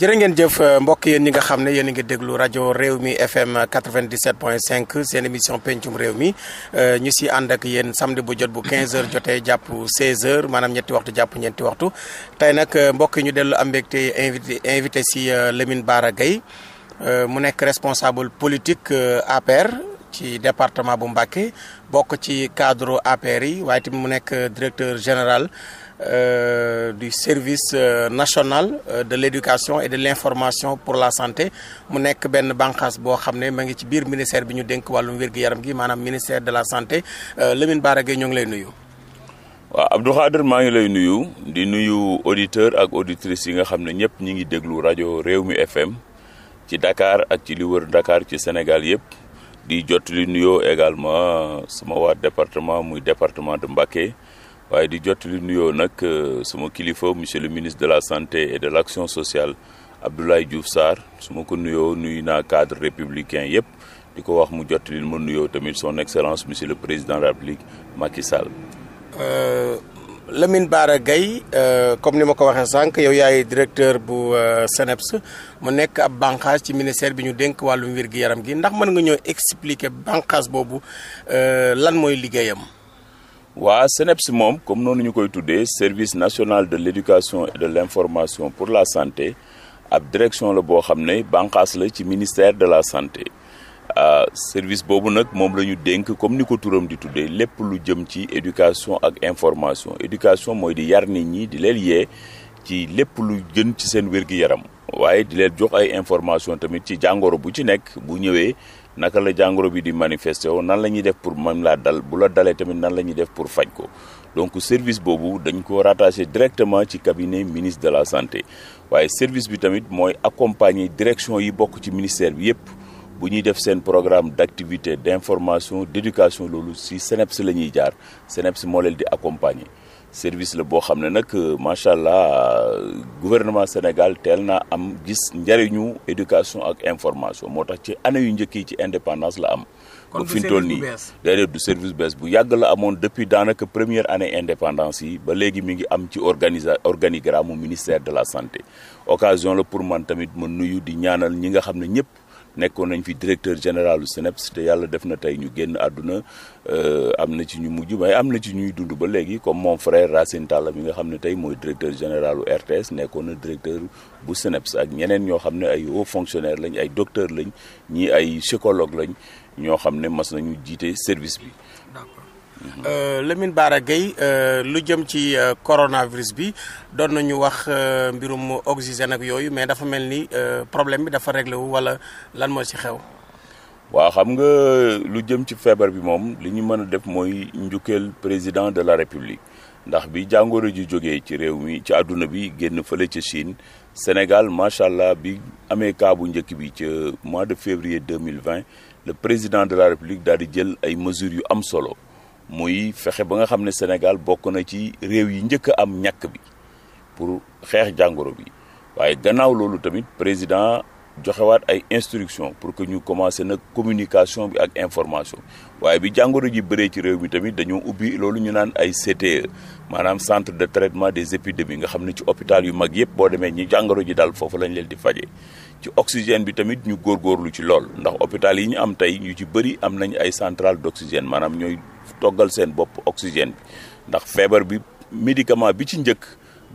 jërë ngeen jëf euh, mbokk yéen ñi nga xam ne yéen a ngi déglu rajo réew mi FM 97.5 seen émission pencum réew mi euh, ñu si ànd ak yéen samedi bu jot bu quinze h jotee jàpp 16h maanaam ñetti waxtu jàpp ñeenti waxtu tey nag euh, mbokk yi ñu dellu am mbégte invité invité si Lamine Bara Gaye mu nekk responsable politique APR. ci département bu Mbacké bokk ci cadre APR yi waaye tamit mu nekk directeur général Euh, du service euh, national euh, de l'éducation et de l'information pour la santé mu nekk benn bànqaas boo xam ne maa ngi ci biir ministère bi ñu dénk wàllum wér-gu-yaram gi maanaam ministère de la santé euh, Lamine Bara Gaye ñoo ngi lay nuyu. waaw Abdou Khader maa ngi lay nuyu di nuyu auditeur ak auditrices yi nga xam ne ñëpp ñi ngi déglu rajo Réew mi FM ci Dakar ak ci li wër Dakar ci Sénégal yëpp. di jottali nuyoo également suma waa département muy département de Mbacké waaye di jottali nuyoo nag euh, suma kilifa monsieur le ministre de la santé et de l'action sociale Abdoulaye Diouf Sarr su ma ko nuyoo nuyu naa cadre républicain yépp di ko wax mu jottali ma nuyoo tamit son excellence monsieur le président de la République Macky Sall. Euh, Lamine Bara Gaye euh, comme ni ma ko waxee sànq yow yaay directeur bu euh, SNEIPS mu nekk ab bànqaas ci ministère bi ñu dénk wàllum wér gi yaram gi ndax mën nga ñoo expliquer bànqaas boobu euh, lan mooy liggéeyam. waa SNEIPS moom comme noonu ñu koy tuddee service national de l'éducation et de l'information pour la santé ab direction la boo xam ne bànqaas la ci ministère de la santé. Euh, service boobu nag moom la ñu dénk comme ni ko turam di tuddee lépp lu jëm ci éducation ak information éducation mooy di yar nit ñi di leen yee ci lépp lu gën ci seen wér yaram waaye di leen jox ay information tamit ci jàngoro bu ci nekk bu ñëwee naka la jàngoro bi di manifesté woo nan la ñuy def pour man laa dal bu la dalee tamit nan la ñuy def pour faj ko donc service boobu dañ ko rattaché directement ci cabinet ministre de la santé waaye service bi tamit mooy accompagner direction yi bokk ci ministère bi yépp bu ñuy def seen programme d' activité d' information d' éducation loolu si SNEIPS la ñuy jaar SNEIPS moo leen di accompagner service la boo xam ne nag euh, macha allah euh, gouvernement Sénégal teel naa am gis njëriñu éducation ak information moo tax ci année yu njëkk yi ci indépendance la am. kon fi ñu toll nii du service bees bu yàgg la amoon depuis daanaka première année indépendance yi ba léegi mi ngi am ci organisa organigramme ministère de la santé occasion la pour man tamit ma nuyu di ñaanal ñi nga xam ne ñëpp. nekkoon nañ fi directeur général du te yàlla def na tey ñu génn àdduna euh, am na ci ñu mujj mais am na ci ñuy dund ba léegi comme mon frère Racine Talla mi nga xam ne tey mooy directeur général u RTS nekkoon na directeur bu CNEPS ak ñeneen ñoo xam ne ay hauts fonctionnaires lañ ay docteurs lañ ñii ay psychologues lañ ñoo xam ne mas nañu jiite service bi. Euh, Lamine Bara Gaye euh, lu jëm ci euh, coronavirus bi doon nañu wax mbirum oxygène ak yooyu mais dafa mel ni problème bi dafa réglé wu wala lan moo ci xew. waaw xam nga lu jëm ci feebar bi moom li ñu mën a def mooy njukkeel président de la république ndax bi jàngoro ju jógee ci réew mi ci àdduna bi génn fële ci Chine Sénégal macha allah bi amee cas bu njëkk bi ca mois de février deux mille vingt le président de la république daal di jël ay mesures yu am solo. muy fexe ba nga xam ne Sénégal bokk na ci réew yi njëkk a am ñàkk bi pour xeex jàngoro bi waaye gannaaw loolu tamit président joxewaat ay instructions pour que ñu commencé nag communication bi ak information waaye bi jàngoro ji bëree ci réew mi tamit dañoo ubbi loolu ñu naan ay CTE maanaam centre de traitement des épidémies nga xam ne ci hôpital yu mag yëpp boo demee ñi jàngoro ji daal foofu lañ leen di fajee ci oxygène bi tamit ñu góorgóorlu ci lool ndax hôpital yi ñu am tey ñu ci bëri am nañ ay centrale d'oxygène maanaam ñooy toggal seen bopp oxygène bi ndax feebar bi médicament bi ci njëkk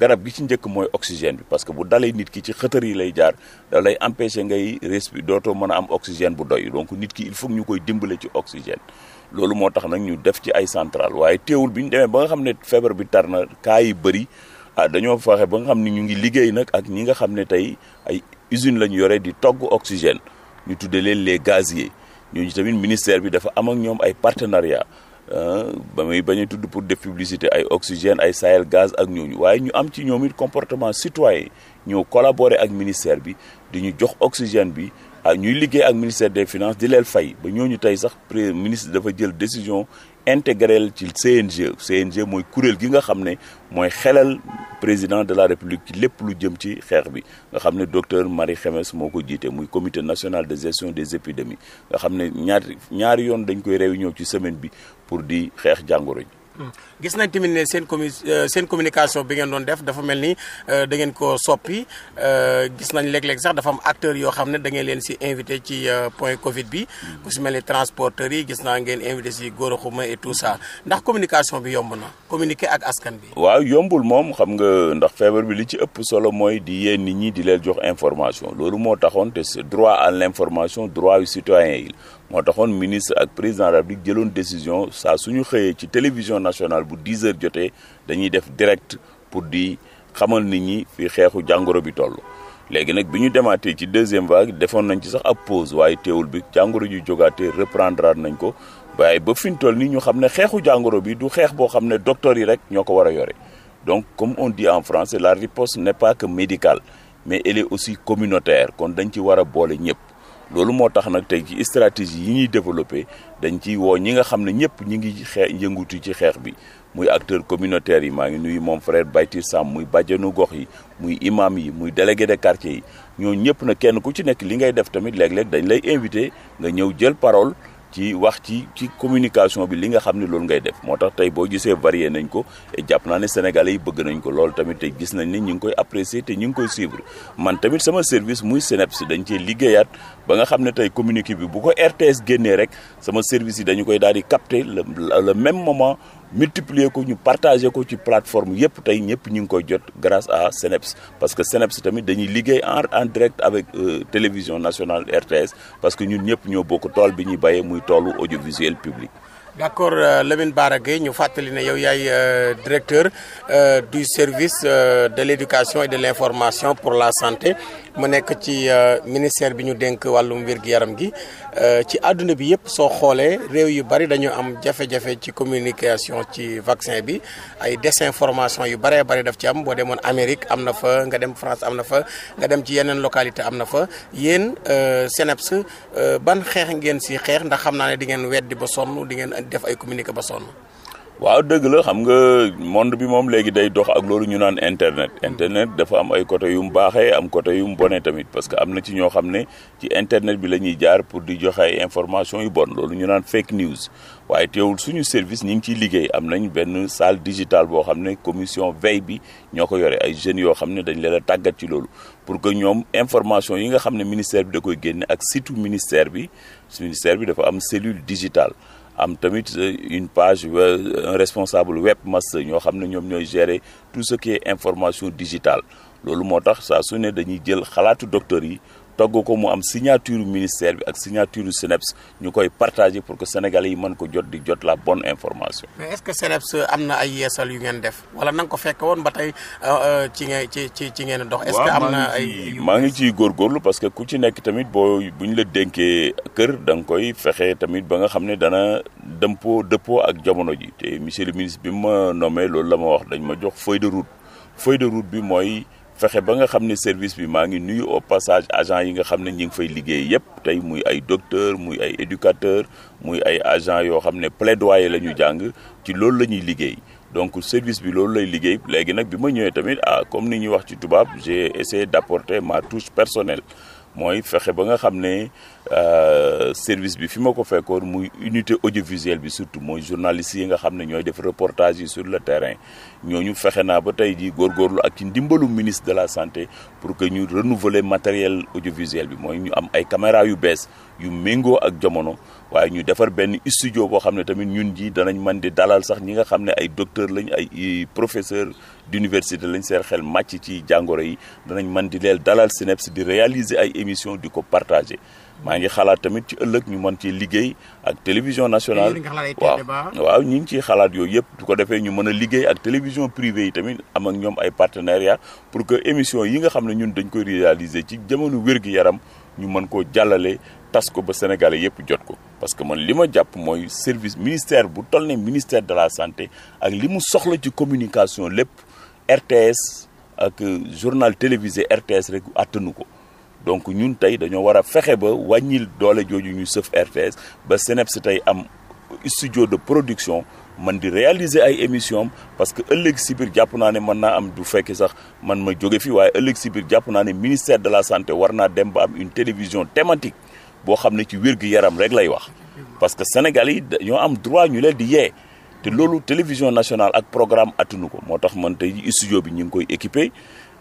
garab gi ci njëkk mooy oxygène bi parce que bu dalee nit ki ci xëtër yi lay jaar da lay empêcher ngay respi dootoo mën a am oxygène bu doy donc nit ki il faut ñu koy dimbale ci oxygène loolu moo tax nag ñu def ci ay central waaye teewul bi ñu demee ba nga xam ne feebar bi tar na cas yi bëri ah dañoo fexe ba nga xam ne ñu ngi liggéey nag ak ñi nga xam ne tey ay usine la ñu yore di togg oxygène ñu tuddee leen les gaziers ñooñu tamit ministère bi dafa am ak ñoom ay partenariat Euh, ba muy bañ tudd pour def publicité ay oxygène ay Sahel gaz ak ñooñu waaye ñu am ci ñoom it comportement citoyen ñoo collaborer ak ministère bi di ñu jox oxygène bi ak ah, ñuy liggéey ak ministère des finances di leen fay ba ñooñu tey sax premier ministre dafa jël décision intégrel ci CNG CNG mooy kuréel gi nga xam ne mooy xelal président de la république ci lépp lu jëm ci xeex bi nga xam ne docteur Marie Xemes moo ko jiite muy commité national de gestion des épidémies nga xam ne ñaat ñaari yoon dañ koy réunion ci semaine bi pour di xeex jàngoro gis nañ tamit ne seen commu euh, seen communication bi ngeen doon def dafa mel ni euh, dangeen ngeen ko soppi euh, gis nañ léeg-léeg sax dafa am acteurs yoo xam ne da ngeen leen si invité ci point Covid bi mm-hmm. ku si mel ni transporteurs yi gis naa ngeen invité si Gora Khouma et tout ça ndax communication bi yomb na communiquer ak askan bi. waaw yombul moom xam nga ndax feebar bi li ci ëpp solo mooy di yee nit ñi di leen jox information loolu moo taxoon te droit à l'information droit yu citoyen yi moo taxoon ministre ak président la République jëloon décision saa suñu xëyee ci télévision nationale. bu 10 heures jotee dañuy def direct pour di xamal ni ñi fi xeexu jàngoro bi toll. léegi nag bi ñu demaatee ci deuxième vague defoon nañ ci sax ab pose waaye teewul bi jàngoro ju jógaatee reprendre nañ ko waaye ba fi ñu toll nii ñu xam ne xeexu jàngoro bi du xeex boo xam ne docteur yi rek ñoo ko war a yore donc comme on di en français la riposte n'est pas que médicale mais elle aussi communautaire kon dañ ci war a boole ñëpp. loolu moo tax nag tey ci stratégie yi ñuy développé dañ ciy woo ñi nga xam ne ñëpp ñi ngi xee yëngutu ci xeex bi. muy acteur communautaire yi maa ngi nuyu moom frère Bayti Sam muy bàjjenu gox yi muy imam yi muy délégué de quartier yi ñoo ñëpp na kenn ku ci nekk li ngay def tamit léeg-léeg dañ lay invité nga ñëw jël parole ci wax ci ci communication bi li nga xam ne loolu ngay def moo tax tey boo gisee varié nañ ko jàpp naa ne sénégale yi bëgg nañ ko loolu tamit te gis nañ ne ñu ngi koy apprécier te ñu ngi koy suivre man tamit sama service muy SNEIPS dañ cee liggéeyaat ba nga xam ne tey communiqué bi bu ko RTS génnee rek sama service yi dañu koy daal di capter le le même moment multiplier ko ñu partager ko ci plateforme yëpp tey ñëpp ñu ngi koy jot grâce à CNEPS parce que CNEPS tamit dañuy liggéey en en direct avec euh, télévision national RTS parce que ñun ñëpp ñoo bokk tool bi ñuy bayee muy toolu audiovisuel public. d' accord euh, Lamine Bara ñu fàttali na yow yaay euh, directeur euh, du service de l' éducation et de l' information pour la santé mu nekk ci ministère bi ñu dénk wàllum wér-gu-yaram gi ci àdduna bi yëpp soo xoolee réew yu bari dañu am jafe-jafe ci communication ci vaccin bi ay désinformation yu baree bari daf ci am boo demoon Amérique am na fa nga dem France am na fa nga dem ci yeneen localité am na fa yéen CNEPS ban xeex ngeen si xeex ndax xam naa ne di ngeen weddi ba def ay communiqué ba sonn. waaw dëgg la xam nga monde bi moom léegi day dox ak loolu ñu naan internet hmm. internet dafa am ay côté yu mu baaxee am côté yu mu bonee tamit parce que am na ci ñoo xam ne ci internet bi la ñuy jaar pour di joxe ay information yu bon loolu ñu naan fake news waaye teewul suñu service ñi ngi ciy liggéey am nañ benn salle digitale boo xam ne commission veille bi ñoo ko yore ay jeunes yoo xam ne dañ leen a tàggat ci loolu pour que ñoom information yi xam ne ministère bi da génne ak surtout ministère bi ministère bi dafa am cellule digitale am tamit euh, une page un responsable webmaster ñoo xam ne ñoom ñooy gérer tout ce qui information digitale loolu moo tax saa su ne dañuy jël xalaatu docteur yi togg ko mu am signature ministère bi ak signature SNEIPS ñu koy partager pour que sénégal yi mën ko jot di jot la bonne information. mais est-ce que SNEIPS am na ay yeesal yu ngeen def wala nanga ko fekk woon ba tey euh, euh, ci ngeen ci ci ci ngeen dox. est-ce que ay maa ngi ciy góorgóorlu parce que ku ci nekk tamit boo bu ñu la denkee kër danga koy fexe tamit ba nga xam ne dana dëmpoo dëppoo ak jamono ji te monsieur le ministre bi ma nommé loolu la ma wax dañ ma jox feuille de route feuille de route bi mooy. fexe ba nga xam ne service bi maa ngi nuyu au passage agent yi nga xam ne ñi ngi fay liggéey yépp tey muy ay docteur muy ay éducateur muy ay agent yoo xam ne plaidoyer la ñu jàng ci loolu la ñuy liggéey donc service bi loolu lay liggéey léegi nag bi ma ñëwee tamit ah comme ni ñuy wax ci tubaab j'ai essayé d'apporter ma touche personnelle mooy fexe ba nga xam ne euh, service bi fi ma ko fekkoon muy unité audiovisuelle bi surtout mooy journalistes yi nga xam ne ñooy def reportage yi sur le terrain ñu fexe naa ba tey jii góorgóorlu ak i ndimbalu ministre de la santé pour que ñu renouveler matériel audiovisuel bi mooy ñu am ay caméra yu bees yu méngoo ak jamono waaye ñu defar benn studio boo xam ne tamit ñun ji danañ man di dalal sax ñi nga xam ne ay docteur lañ ay professeur d'université lañ seen xel màcc ci jàngoro yi danañ mën di leel dalal SNEIPS di réaliser ay émission di ko partager maa ngi xalaat tamit ci ëllëg ñu mën ci liggéey ak télévision nationale waaw waaw ñu ngi ciy xalaat yooyu yëpp du ko defee ñu mën a liggéey ak télévision privée yi tamit am ak ñoom ay partenariat pour que émission yi nga xam ne ñun dañ koy réaliser ci jamono wér yaram ñu mën koo jàllale tas ko ba sénégalais yëpp jot ko parce que man li ma jàpp mooy service ministère bu toll ne ministère de la santé ak li mu soxla ci communication lépp RTS ak journal télévisé RTS rek attanu ko donc ñun tey dañoo war a fexe ba wàññil doole jooju ñu sëf RTS ba si tey am studio de production man di réaliser ay émission parce que ëllëg si biir jàpp naa ne mën naa am du fekk sax man ma jóge fii waaye ëllëg si biir jàpp naa ne ministère de la santé war naa dem ba une télévision thématique boo xam ne ci wér-gu-yaram rek lay wax parce que Sénégal yi am droit ñu leen di yee te loolu télévision nationale ak programme attunu ko moo tax man tey studio bi ñu ngi koy équipé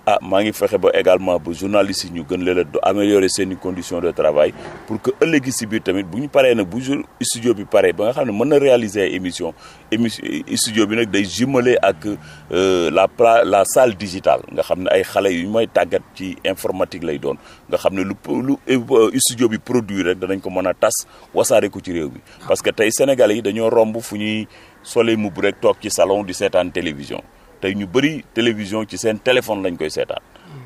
ah maa ngi fexe ba également ba journalistes yi ñu gën leen a améliorer seen seeni condition de travail pour que ëllëgi si biir tamit bu ñu paree nag bu jour studio bi paree ba nga xam ne mën na réaliser ay émission émission euh, studio bi nag day jumelé ak euh, la pla la salle digitale nga xam ne ay xale yu may tàggat ci informatique lay doon nga xam ne lu lu euh, studio bi produit rek danañ ko mën a tas wasaare ko ci réew bi parce que tey sénégal yi dañoo romb fu ñuy solee mu rek toog ci salon di seetaan télévision tey ñu bëri télévision ci seen téléphone lañ koy seetaan.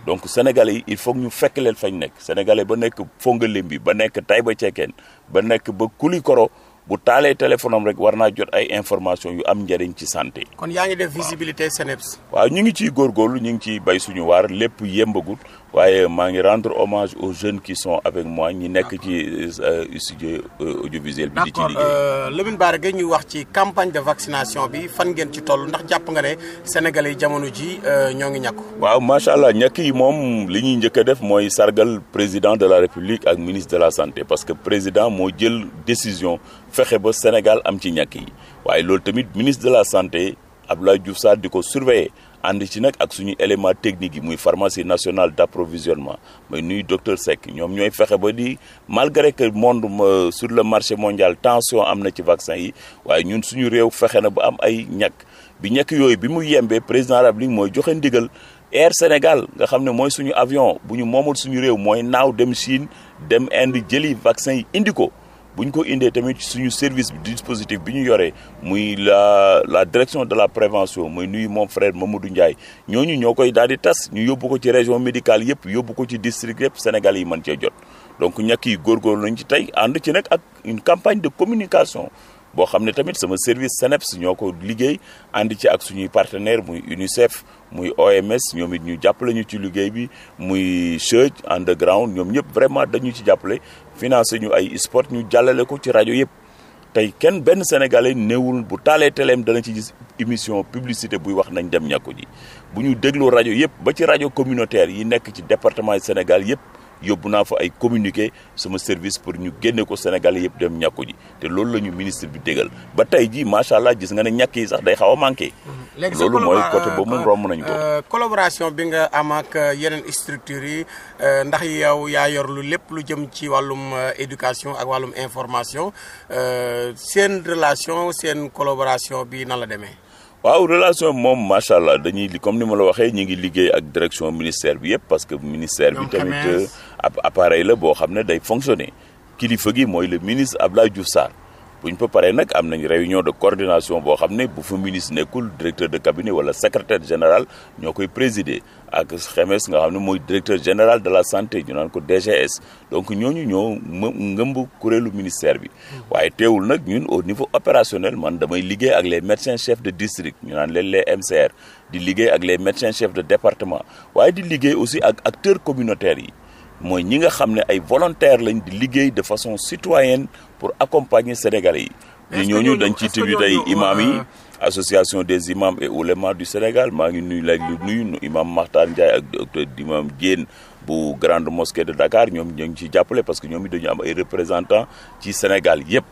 donc sénégalais yi il faut ñu fekk leen fañ nekk sénégalais ba nekk nga Fongolimbi ba nekk ba Cekkeen ba nekk ba Koulikoro bu taalee téléphone am rek war naa jot ay information yu am njëriñ ci santé. kon yaa ngi de visibilité Seneps. waaw ñu ngi ciy góorgóorlu ñu ngi ciy bay suñu waar lépp yembagut waaye maa ngi rendre hommage aux jeunes qui sont avec moi ñi nekk ci euh, studio euh, audiovisuel bi. di ci liggéey euh, lemin Bara Gaye ñu wax ci campagne de vaccination bi fan ngeen ci toll ndax jàpp nga ne sénégalais yi jamono ji ñoo ngi ñàkk waaw macha allah ñàkk yi moom li ñuy njëkk def mooy sargal président de la république ak ministre de la santé parce que président moo jël décision fexe ba Sénégal am ci ñàkk yi waaye loolu tamit ministre de la santé. Abdoulaye Diouf Sarr di ko surveiller ànd ci nag ak suñu élément technique yi muy pharmacie nationale d'approvisionnement mais nuy docteur Seck ñoom ñooy fexe ba di malgré que monde euh, sur le marché mondial tension am na ci vaccin yi waaye ñun suñu réew fexe na ba am ay ñàkk bi ñekk yooyu bi mu yembee président rab li mooy joxe ndigal Air Sénégal nga xam ne mooy suñu avion bu ñu moomul suñu réew mooy naaw dem Chine dem Inde jëli vaccin yi indi ko bu ñu ko indee tamit suñu service dispositif bi ñu yoree muy la la direction de la prévention muy nuyu moom frère Mamadou Ndiaye ñooñu ñoo koy daal di tas ñu yóbbu ko ci région médical yëpp yóbbu ko ci district yëpp Sénégal yi mën cee jot donc ñàkk yi góorgóorlu ñu ci tey ànd ci nag ak une campagne de communication boo xam ne tamit sama service SNEPS ñoo ko liggéey ànd ci ak suñuy partenaire muy UNICEF muy OMS ñoom it ñu jàppale ñu ci liggéey bi muy Search Underground ñoom ñëpp vraiment dañu ci jàppale financé ñu ay sport ñu jàllale ko ci rajo yëpp tey kenn benn sénégalais néewul bu taalee teleem dana ci gis émission publicité buy wax nañ dem ñàkku ji bu ñu déglu rajo yëpp ba ci rajo communautaire yi nekk ci département Sénégal yëpp yóbbu naa fa ay communiqué sama service pour ñu génne ko Sénégal yëpp dem ñàkku ji te loolu la ñu ministre bi dégal ba tey jii macha allah gis nga ne ñàkk sax day xaw a manqué. Mhm. loolu mooy côté ba moom romb nañ ko. Euh, collaboration bi nga am euh, yeneen structures yi euh, ndax yow yaa yor lu lépp lu jëm ci wàllum éducation ak wàllum information seen relation seen collaboration bi na la demee. waaw relation moom macha allah dañuy li comme ni ma la waxee ñu ngi liggéey ak direction ministère bi yëpp parce que ministère bi tamit euh, appareil la boo xam ne day fonctionner kilifa gi mooy le ministre Abdoulaye Diouf Sarr bu ñu fa paree nag am nañ réunion de coordination boo xam ne bu fa ministre nekkul directeur de cabinet wala secrétaire général ñoo koy présider ak xemes nga xam ne mooy directeur général de la santé ñu naan ko DGS donc ñooñu ñoo ngëmb kuréelu ministère bi waaye teewul nag ñun au niveau opérationnel man damay liggéey ak les médecins chef de district ñu naan leen les MCR di liggéey ak les médecins chef de département waaye di liggéey aussi ak acteurs communautaires yi mooy ñi nga xam ne ay volontaire lañ di liggéey de façon citoyenne pour accompagner Sénégalais yi. ñu ñooñu dañ ci tibb tey yi. Euh, association des imams et oulémas du Sénégal maa ngi nuyu léegi lu nuyu imam Makhtar Ndiaye ak docteur imam Diène bu grande mosquée de Dakar ñoom ñoo ngi ciy jàppale parce que ñoom it dañu am ay représentants ci Sénégal yëpp.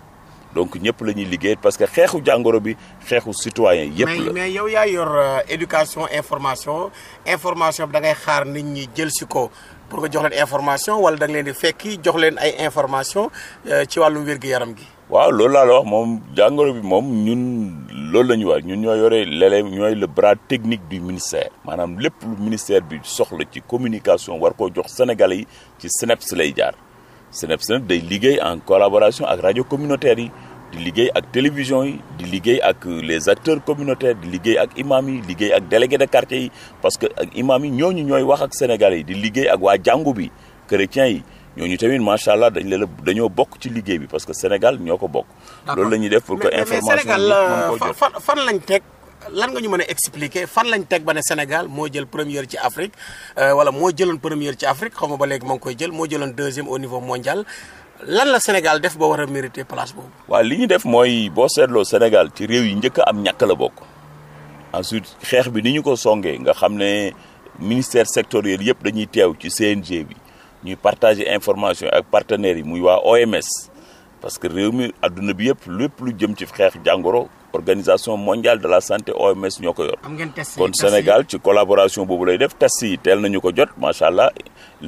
donc ñëpp la ñuy liggéey parce que xeexu jàngoro bi xeexu citoyen yëpp la mais mais yow yaa yor euh, éducation information information bi da ngay xaar nit ñi jël si ko. pour que jox information wala da nga leen di fekki jox leen ay information euh, ci wàllu wér-gu-yaram gi. waaw loolu laa la wax moom jàngoro bi moom ñun loolu la ñu wax ñun ñoo yore léeg ñooy le bras technique du ministère maanaam lépp lu ministère bi soxla ci communication war koo jox sénégal yi ci SNEPS lay jaar SNEPS nag day liggéey en collaboration ak rajo communautaire yi. di liggéey ak télévision yi di liggéey ak euh, les acteurs communautaires di liggéey ak imam yi liggéey ak délégué de quartier yi parce que ak imam yi ñooñu ñooy wax ak sénégal yi di liggéey ak waa jàngu bi chrétiens yi ñooñu tamit macha allah dañ leen dañoo bokk ci liggéey bi parce que Sénégal ñoo ko bokk. loolu la ñuy def pour que information bi euh, fan fan lañ teg lan nga ñu mën a fan lañ teg ba ne Sénégal moo jël premier ci Afrique euh, wala moo jëloon première ci Afrique xaw ma ba moo ngi koy jël moo jëloon deuxième au niveau mondial lan la Sénégal def boo war a mérité place boobu. waa li ñu def mooy boo seetloo Sénégal ci réew yi njëkk am ñàkk la bokk ensuite xeex bi ni ñu ko songee nga xam ne ministère sectoriel yëpp dañuy teew ci CNG bi ñuy partager information ak partenaires yi muy waa OMS parce que réew mi àdduna bi yëpp lépp lu jëm ci xeex jàngoro. organisation mondiale de la santé OMS ñoo ko yor. kon Sénégal ci collaboration boobu lay def test yi teel nañu ko jot macha allah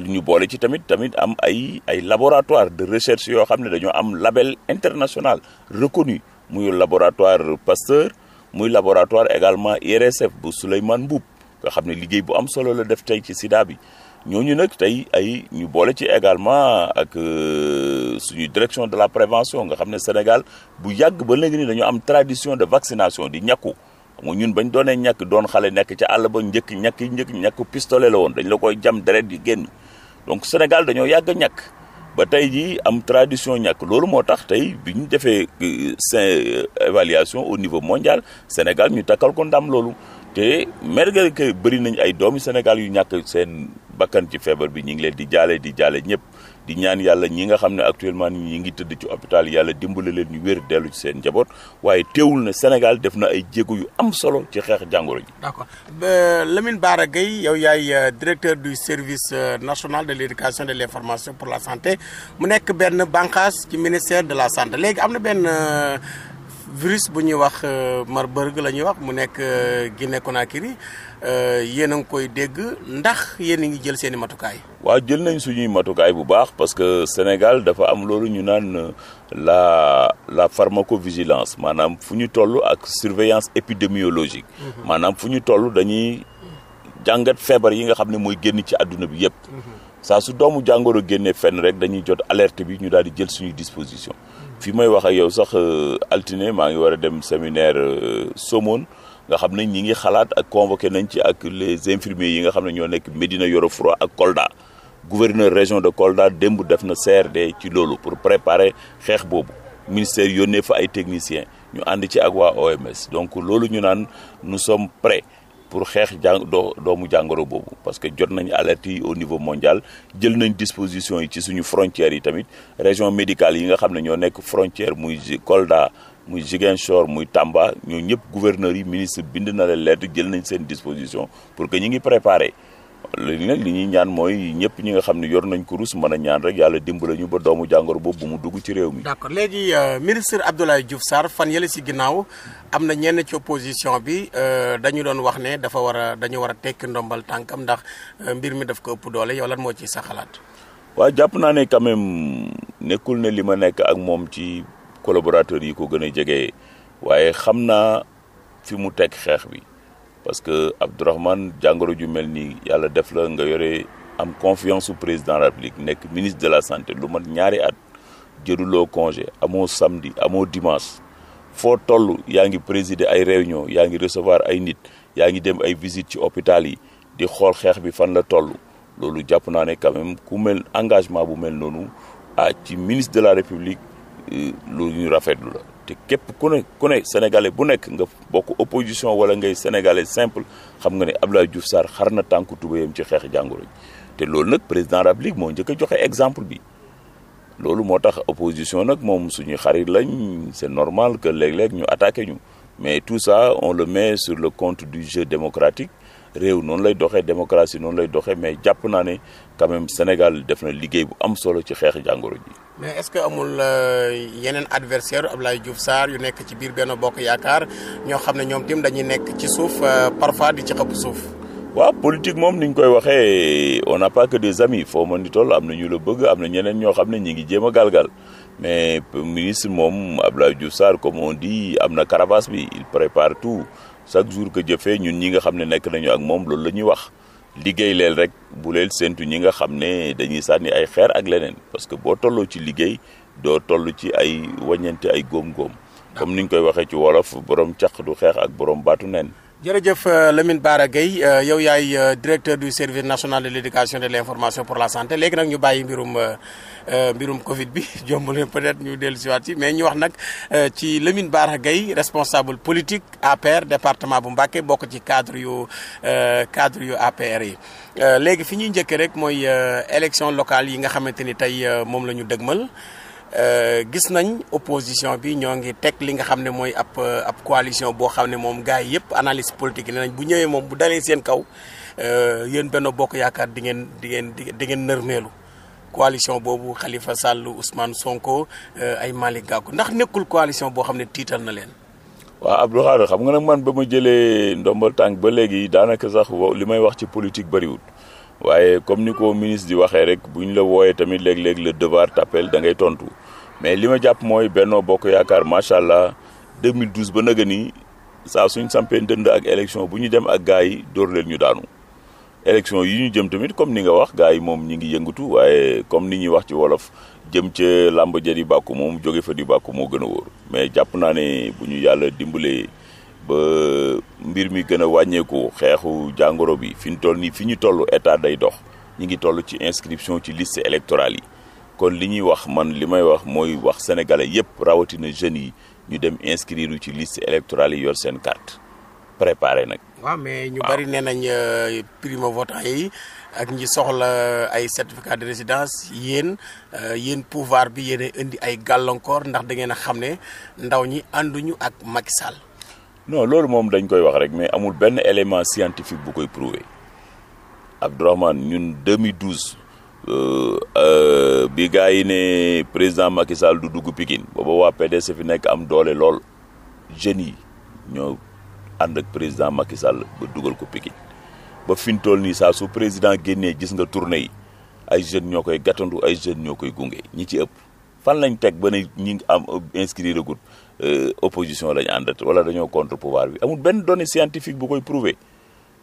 li ñu boole ci tamit tamit am ay ay laboratoire de recherche yoo xam ne dañoo am label international reconnu muy laboratoire Pasteur muy laboratoire également IRSF bu Souleymane Mbuub nga xam ne liggéey bu am solo la def tey ci sida bi. ñooñu nag tey ay ñu boole ci également ak euh, suñu direction de la prévention nga xam ne Sénégal bu yàgg ba léegi ni dañu am tradition de vaccination di ñàkku xam ñun bañ doonee ñàkk don xale nekk ci àll ba njëkk ñàkk njëkk ñàkk pistolet la woon dañ la koy jam deret yi génn donc Sénégal dañoo yàgg ñàkk ba tey jii am tradition ñàkk loolu moo tax tey bi ñu defee euh, euh, évaluation au niveau mondial Sénégal ñu takkal ko ndam loolu te malgré que bëri nañ ay doomi Sénégal yu ñàkk seen bakkan ci feebar bi ñu ngi leen di jaale di jaale ñëpp di ñaan yàlla ñi nga xam ne actuellement ñi ngi tëdd ci hôpital yàlla dimbale leen ñu wér dellu ci seen njaboot waaye teewul na Sénégal def na ay jéego yu am solo ci xeex jàngoro ji. d'accord Lamine Bara Gaye yow yaay euh, directeur du service euh, national de l'éducation de l'information pour la santé mu nekk benn bànqaas ci ministère de la sante léegi am na benn. Euh, virus bu ñuy wax euh, Marburg la ñuy wax mu nekk euh, Guinée Conakry euh, yéen a ngi koy dégg ndax yéen a ngi jël seeni matukaay. waaw jël nañ suñuy matukaay bu baax parce que Sénégal dafa am loolu ñu naan la la pharmacovigilance maanaam fu ñu toll ak surveillance épidémiologique. Mhm. maanaam fu ñu toll dañuy jàngat feebar yi nga xam ne mooy génn ci àdduna bi yépp mhm. saa su doomu jàngoro génnee fenn rek dañuy jot alerte bi ñu daal di jël suñuy disposition fi may wax ak yow sax euh, altine maa ngi war a dem séminaire euh, Somone nga xam ne ñi ngi xalaat ak convoqué nañ ci ak les infirmiers yi nga xam ne ñoo nekk Médina Yoro Foulah ak Kolda gouverneur région de Kolda démb def na CRD ci loolu pour préparer xeex boobu ministère yónnee fa ay techniciens ñu ànd ci ak waa OMS donc loolu ñu naan nu sommes prêts pour xeex jàng doo doomu jàngoro boobu parce que jot nañu alerte yi au niveau mondial jël nañ disposition yi ci suñu frontières yi tamit région médicale yi nga xam ne ñoo nekk frontière muy ji Kolda muy Ziguinchor muy Tamba ñoo ñëpp gouverneurs yi ministre bind na leen lettre jël nañ seen disposition pour que ñu ngi préparer léegi nag li ñuy ñaan mooy ñëpp ñi nga xam ne yor nañ ko rus mën a ñaan rek yàlla dimbala ñu ba doomu jàngoro boobu mu dugg ci réew mi. d'accord léegi euh, ministre Abdoulaye Diouf Sarr fan yële si ginnaaw am na ñenn ci opposition bi euh, dañu doon wax ne dafa war a dañu war a tekki ndombal tànkam ndax euh, mbir mi daf ko ëpp doole yow lan moo ci sa xalaat. waaw jàpp naa ne quand même nekkul ne li ma nekk ak moom ci collaborateur yi ko gën a jege waaye xam naa fi mu teg xeex bi. parce que Abdourahmane jàngoro ju mel nii yàlla def la nga yore am confiance su président de République nekk ministre de la santé lu mat ñaari at jëluloo congé amoo samedi amoo dimanche foo toll yaa ngi présider ay réunion yaa ngi recevoir ay nit yaa ngi dem ay visite ci hôpital yi di xool xeex bi fan la toll loolu jàpp naa ne quand même ku mel engagement bu mel noonu ah ci ministre de la République euh, lu ñu rafetlu la te képp ku e ku ne bu nekk nga bokk opposition wala ngay sénégalais simple xam nga ne Abdoulaye Diouf Sarr xar na tànku tubéyam ci xeex jàngoro te loolu nag président de la moo njëkk joxe exemple bi loolu moo tax opposition nag moom suñuy xarit lañ c'est normal que léeg-léeg ñu attaqué ñu mais tout ça on le mais sur le compte du jeu démocratique réew noonu lay doxee démocratie noonu lay doxee mais jàpp naa ne quand même Sénégal def na liggéey bu am solo ci xeex jàngoro ji. mais est-ce que amul euh, yeneen adversaire Abdoulaye Diouf Sarr yu nekk ci biir benn bokk yaakaar ñoo xam ne ñoom tim dañuy nekk ci suuf euh, parfois di ci xëpp suuf. waaw politique moom ni ñu koy waxee on n'a pas que des amis foo mën di toll am na ñu bëgg am na ñeneen ñoo xam ne ñi ngi jéem a galgal mais ministre moom ab Abdoulaye Diouf Sarr comme on dit am na caravage bi il tout. chaque jour que jëfee ñun ñi nga xam ne nekk nañu ak moom loolu la wax liggéey leel rek bu leen séentu ñi nga xam ne dañuy sànni ay xeer ak leneen parce que boo tolloo ci liggéey doo toll ci ay waññante ay góom-góom comme niñ koy waxee ci wolof borom caq du xeex ak borom baatu nen jërëjëf euh, Lamine Bara Gueye euh, yow yaay euh, directeur du service national de l' éducation de l' information pour la santé léegi nag ñu bàyyi mbirum mbirum Covid bi jombul leen peut-être ñu dellu siwaat ci mais ñu wax nag ci Lamine Bara Gueye responsable politique APR département bu Mbacké bokk ci cadre yu cadre yu APR yi. léegi fi ñuy njëkkee rek mooy élection locale yi nga xamante ni tey moom la ñu dëgmal. Euh, gis nañ opposition bi ñoo ngi teg li nga xam ne mooy ab euh, ab coalition boo xam ne moom gars yi yëpp analyse politique yi nee bu ñëwee moom bu dalee seen kaw euh, yéen Benno Bokk Yaakaar di ngeen di ngeen di ngeen nërmeelu coalition boobu xalifa Sall Ousmane Sonko ay Malick Gakou ndax nekkul coalition boo xam ne tiital na leen. waaw Abdou Khadre xam nga nag man ba ma jëlee ndombal tànk ba léegi daanaka sax li may wax ci politique bëriwul. waaye comme ni ko ministre di waxee rek bu ñu la wooyee tamit léeg-léeg la devoir t'appelle da ngay tontu mais li ma jàpp mooy Benno Bokk Yaakaar macha allah 2012 ba naga ni saa suñ sampee ndënd ak élection bu ñu dem ak gars yi dóor leen ñu daanu. élection yi ñu jëm tamit comme ni nga wax gars yi moom ñi ngi yëngatu waaye comme ni ñuy wax ci wolof jëm ca làmb ja di bàkku moom jóge fa di bàkku moo gën a wóor mais jàpp naa ne bu ñu yàlla dimbalee. ba mbir mi gën a wàññeeku xeexu jàngoro bi fi ñu toll nii fi ñu toll état day dox ñu ngi toll ci inscription ci liste électorale yi kon li ñuy wax man li may wax mooy wax sénégalais yépp rawatina jeunes yi ñu dem inscrire ci liste électorale yi yoon seen carte préparé nag. waaw mais ñu bari nee nañ euh, primo votant yi ak ñi soxla ay certificat de résidence yéen euh, yéen pouvoir bi yéen indi ay gàllankoor ndax dangeen a xam ne ndaw ñi ànduñu ak Macky Sall non loolu moom dañ koy wax rek mais amul benn élément scientifique bu koy prouver Abdourahmane ñun 2012 euh, euh, bi gars yi ne président Macky Sall du dugg Pikine booba waa PDS fi nekk am doole lool jeunes yi ñoo ànd ak président Macky Sall ba dugal ko Pikine ba fi ñu toll nii saa su président génnee gis nga tournée yi ay jeunes ñoo koy gàttandu ay jeunes ñoo koy gunge ñi ci ëpp fan lañ teg ba ne ñi am inscrire gud Euh, opposition lañu àndat wala dañoo contre pouvoir bi amul benn donnée scientifique bu koy prouver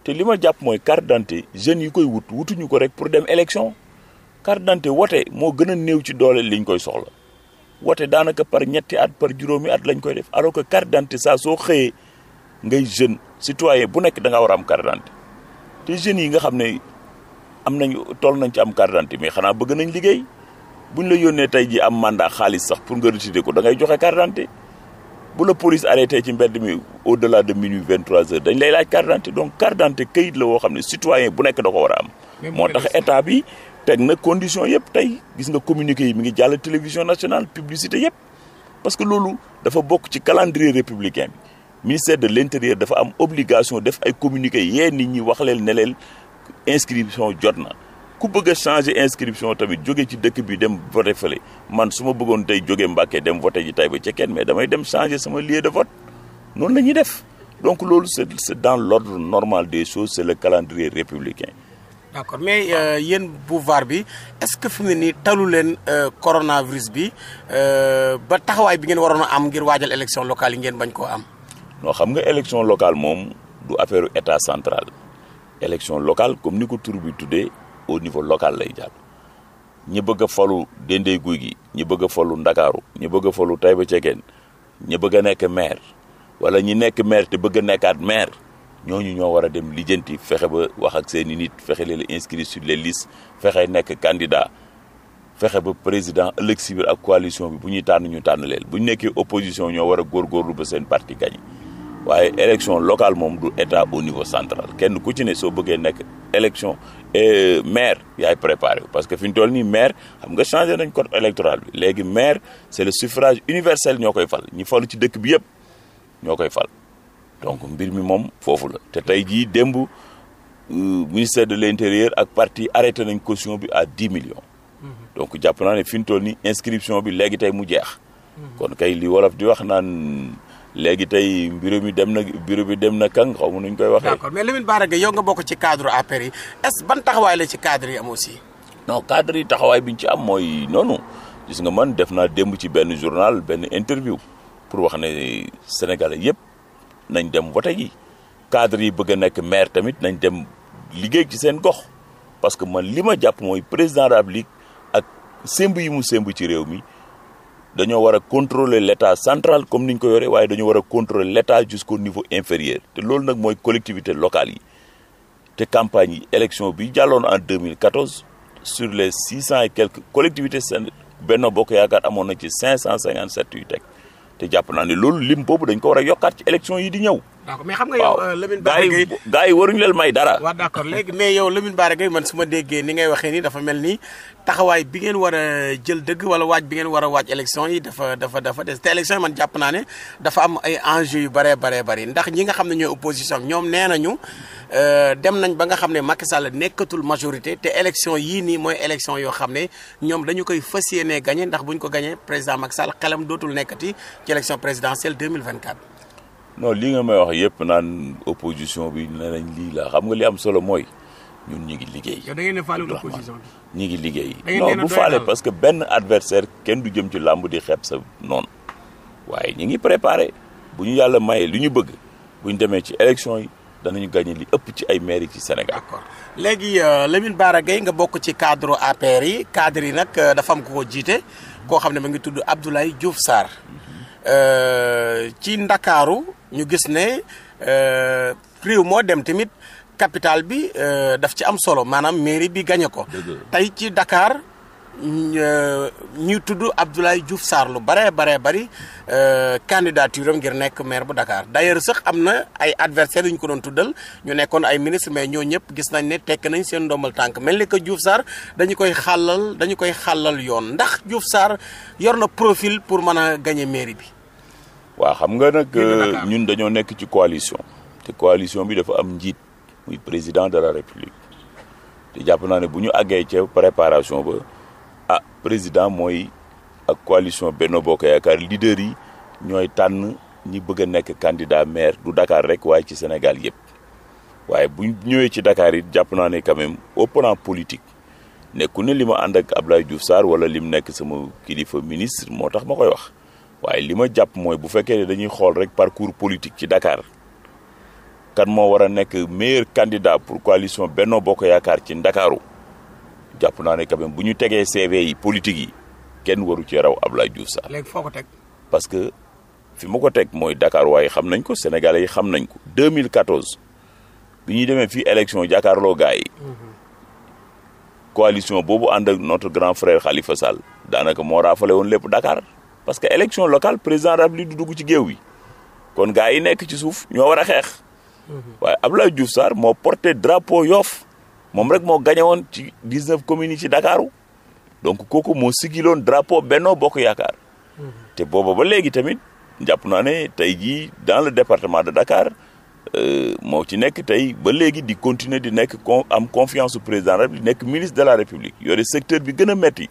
te li ma jàpp mooy carte d'identité jeunes yi koy wut wutuñu ko rek pour dem élection carte d'identité wote moo gën a néew ci doole liñ koy soxla wote daanaka par ñetti at par juróomi at lañ koy def alors que carte d'identité saa soo xëyee ngay jeune citoyen bu nekk da nga war a am carte d'identité te jeunes yi nga xam ne am nañ toll nañ ci am carte d'identité mais xanaa bëgg nañ liggéey buñ la yónnee tey ji am mandat xaalis sax pour nga retiré ko da ngay joxe carte d'identité bu la police arrêté ci mbedd mi au delà de minuit 23 heures dañ lay laaj carte d'identité donc carte d'identité kayit la woo xam ne citoyen bu nekk da ko war a am. moo tax état bi teg na condition yëpp tey gis nga communiqué yi mi ngi jàll télévision nationale publicité yëpp. parce que loolu dafa bokk ci calendrier républicain bi ministère de l'intérieur dafa am obligation def ay communiqué yee nit ñi wax leen ne leen inscription jot na. ku bëgg a changer inscription tamit jóge ci dëkk bi dem voté fële man su ma bëggoon tey jóge Mbàkke dem voté ji Taïba ba kenn mais damay dem changer sama lieu de vote noonu la ñuy def donc loolu c'est dans l'ordre normal des choses c'est le calendrier républicain. d'accord mais euh, yéen pouvoir bi est-ce que fi mu ne nii talu leen euh, coronavirus bi euh, ba taxawaay bi ngeen waroon a am ngir waajal élection locale yi ngeen bañ koo am. noo xam nga élection locale moom du affaire état central élection locale comme ni ko tur tuddee. au niveau locale lay jàll ñi bëgg a falu dendey guy gi ñi bëgg a falu ndakaaru ñi bëgg a falu Taïba Cekkeen ñi bëgg nekk maire wala ñi nekk maire te bëgg nekkaat maire ñooñu ñoo war a dem lijjanti fexe ba wax ak seeni nit fexe leen inscrire sur les listes fexe nekk kandida fexe ba président ëllëg si biir ak coalition bi bu ñuy tànn ñu tànn leen bu ñu nekkee opposition ñoo war a góorgóorlu ba seen parti gañe waaye élection local moom du état au niveau central kenn ku ci soo bëggee nekk élection Euh, maire yaay préparé parce que fi ñu toll nii maire xam nga changé nañ code électoral bi léegi maire c'est le suffrage universel ñoo koy fal ñi falu ci dëkk bi yëpp ñoo koy fal donc mbir mi moom foofu la te tey jii démb euh, ministère de l'intérieur ak parti arrêté nañ caution bi à 10 millions mhm. donc jàpp naa ne fi inscription bi léegi tey mu jeex mhm. kon kay li wolof di wax naan léegi tey bureau bi dem na bureau bi dem na kang xaw ma nuñ koy waxee. d'accord mais Lamine Bara Gaye yow nga bokk ci cadre APR yi est-ce ban taxawaay la ci cadre yi am non cadre yi taxawaay bi ñu ci am mooy noonu gis nga man def naa démb ci benn journal benn interview pour wax ne Sénégalais yëpp nañ dem vote yi cadre yi bëgg a nekk maire tamit nañ dem liggéey ci seen gox parce que man li ma jàpp mooy président de la République ak sémb yi mu sémb ci réew mi. dañoo war a contrôler l' état central comme ni ñu ko yoree waaye dañoo war a contrôler l' état jusqu'au niveau inférieur te loolu nag mooy collectivité locale yi te campagne yi élection bi jàlloon en 2014 sur le six cent et quelques collectivités seen Benno Bokk Yaakaar amoon na ci cinq cent cinquante sept yu teg te jàpp naa ne loolu lim boobu dañ ko war a yokkaat ci élection yi di ñëw d'accord mais xam nga yow euh, Lamine Bara Gaye gars yi waruñu leen may dara léegi mais yow Lamine Bara Gaye man su ma déggee ni ngay waxee ni dafa mel ni taxawaay bi ngeen war a jël dëgg wala waaj bi ngeen war a waaj élection yi dafa dafa dafa des te élection yi man jàpp naa ne dafa am ay enjeux yu bëree baree bëri ndax ñi nga xam ne ñooy opposition ñoom nee nañu euh, dem nañ ba nga xam ne Macky Sall nekkatul majorité te élection yii nii mooy élection yoo xam ne ñoom dañu koy fas yéenee gagné ndax buñ ko gagné président Macky Sall xelam dootul nekkati ci élection présidentielle 2024 non li nga may wax yëpp naan opposition bi ne nañ lii laa xam nga li am solo mooy ñun ñu ngi liggéey. yow da ngeen ne ñu ngi liggéey. non bu faale parce que benn adversaire kenn du jëm ci làmb di xeeb sa noonu. waaye ñu ngi préparé bu ñu yàlla mayee lu ñu bëgg bu ñu demee ci élection yi danañu gagné li ëpp ci ay maires yi ci Sénégal. d'accord léegi euh, Lamine Bara Gaye nga bokk ci cadre APR yi cadre yi nag euh, dafa am ko ko jiite koo xam ne ma ngi tudd Abdoulaye Diouf saar Euh, ci ndakaaru ñu gis ne euh, réew moo dem tamit capital bi euh, daf ci am solo maanaam mairie bi gañe ko tey ci Dakar ñuy tudd Abdoulaye Diouf saar lu bare bare bari candidature am ngir nekk mair bu dakaar d'ailleurs sax am na ay adversaires yu ñu ko doon tuddal ñu nekkoon ay ministre mais ñoo ñëpp gis nañ ne tekk nañ seen ndombal tànk mel ni que Diouf Sarr dañu koy xàllal dañu koy xàllal yoon ndax Diouf saar yor na profil pour mën a gañe mairie bi waaw xam nga nag euh, ñun dañoo nekk ci coalition te coalition bi dafa am njiit muy président de la république te jàpp naa ne bu ñu àggee ca préparation ba ah président mooy ak coalition Benno Bokk Yaakaar leader yi ñooy tànn ñi bëgg a nekk candidat maire du dakaar rek waaye ci Sénégal yëpp waaye bu ñëwee ci Dakar it jàpp naa ne quand même au politique nekku ne li ma ànd ak Abdoulaye Diouf saar wala lim nekk sama kilifa ministre moo tax ma koy wax waaye li ma jàpp mooy bu fekkee ne dañuy xool rek parcours politique ci dakaar kan moo war a nekk meilleur candidat pour coalition Benno Bokk Yaakaar ci Ndakaaru jàpp naa ne quand bu ñu tegee CV yi politique yi kenn waru ci raw Abdoulaye Diouf Sarr. léegi foo parce que fi ma ko teg mooy Dakar waaye xam nañ ko Sénégalais yi xam nañ ko. 2014 bi ñuy demee fii élection jàkkaarloo gars yi. Mm-hmm. coalition boobu ànd ak notre grand frère Khalifa Sall daanaka moo raafale woon lépp Dakar. parce que élection locale président République du dugg ci géew yi kon gars yi nekk ci suuf ñoo war a xeex mhm. waaye Abdoulaye Diouf Sarr moo porté drapo Yoff moom rek moo gagné woon ci 19 communes yi ci Ndakaaru donc kooku moo sigiloon drapo Benno Bokk Yaakaar mhm. te booba ba léegi tamit jàpp naa ne tey jii dans le département de Dakar euh, moo ci nekk tey ba léegi di continuer di nekk am confiance su président République nekk ministre de la République yore secteur bi gën a metti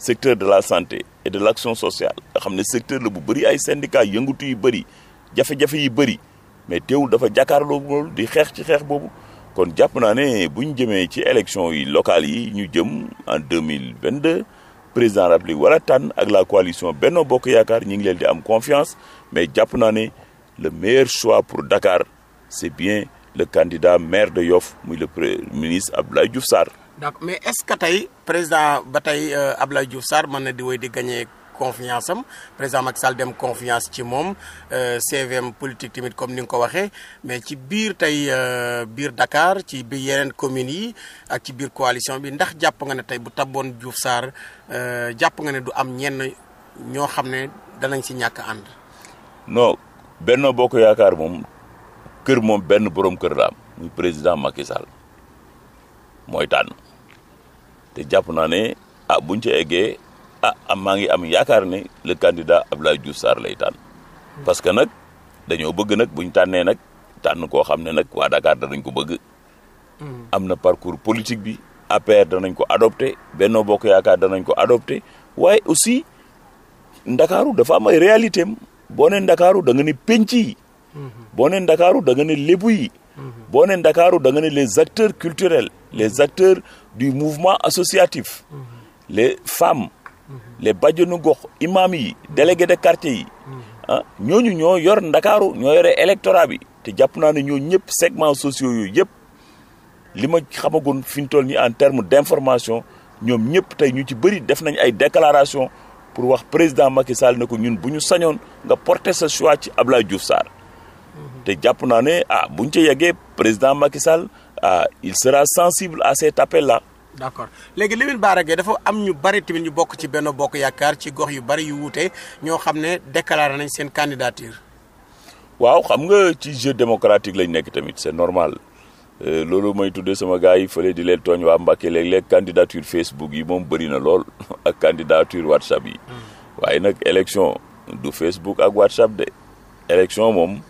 secteur de la santé et de l'action sociale nga xam ne secteur la bu bëri ay syndicat yëngatu yu bëri jafe-jafe yu bëri mais teewul dafa jàkkaarloo loolu di xeex ci xeex boobu kon jàpp naa ne bu ñu jëmee ci élection yi locales yi ñu jëm en 2022 président rappelé war wala tànn ak la coalition Benno Bokk Yaakaar ñu ngi leen di am confiance mais jàpp naa ne le meilleur choix pour dakaar c'est bien le candidat maire de Yoff muy le ministre Abdoulaye Diouf Sarr d'accord mais est-ce que tey président ba tey euh, Abdoulaye Diouf Sarr mën na di wéy di gagner confiance am président Macky Sall dem confiance ci moom euh, CVM politique tamit comme ni nga ko waxee mais ci biir tey euh, biir Dakar ci bi yeneen communes yi ak ci biir coalition bi ndax jàpp nga ne tey bu tabboon Diouf Sarr jàpp nga ne du am ñenn ñoo xam ne danañ si ñàkk ànd. bennoo Benno Bokk Yaakaar moom kër moom benn borom kër la am muy président Macky mooy tànn. te jàpp naa ne ah buñ ci eggee ah am maa ngi am yaakaar ne le candidat Abdoulaye Diouf Sarr lay tànn. parce que nag dañoo bëgg nag buñ tànnee nag tànn koo xam ne nag waa Dakar danañ ko bëgg. Mm. am na parcours politique bi APR danañ ko adopté Benno Bokk Yaakaar danañ ko adopté waaye aussi ndakaaru dafa am ay réalité am boo nee ndakaaru da nga ne penc yi. Mm-hmm. boo nee ndakaaru danga nga ne lébu yi. boo ne Ndakaaru da ne les acteurs culturels les acteurs du mouvement associatif les femmes les bajjenu gox imam yi délégué de quartier yi ah ñooñu ñoo yor Ndakaaru ñoo yore électorat bi te jàpp naa ne ñoo ñëpp segments sociaux yooyu yëpp li ma xamagoon fi ñu toll nii en terme d' information ñoom ñëpp tey ñu ci bëri def nañ ay déclaration pour wax président Macky Sall ne ko ñun bu ñu sañoon nga porter sa choix ci Abdoulaye Diouf Sarr te jàpp naa ne ah bu ñu ci yeggee président Macky Sall ah il sera sensible à cet appel là. d' accord léegi Lamine Bara Gaye dafa am ñu bari tamit ñu bokk ci benn bokk yaakaar ci gox yu bari yu wuute ñoo xam ne déclaré nañ seen candidature. waaw xam nga ci jeu démocratique lañ nekk tamit c' est normal euh, loolu may tuddee sama gars yi fële di leen tooñ waa Mbàkke léeg-léeg candidature Facebook yi moom bëri na lool ak candidature WhatsApp yi. Hmm. waay nag élection du Facebook ak WhatsApp de moom.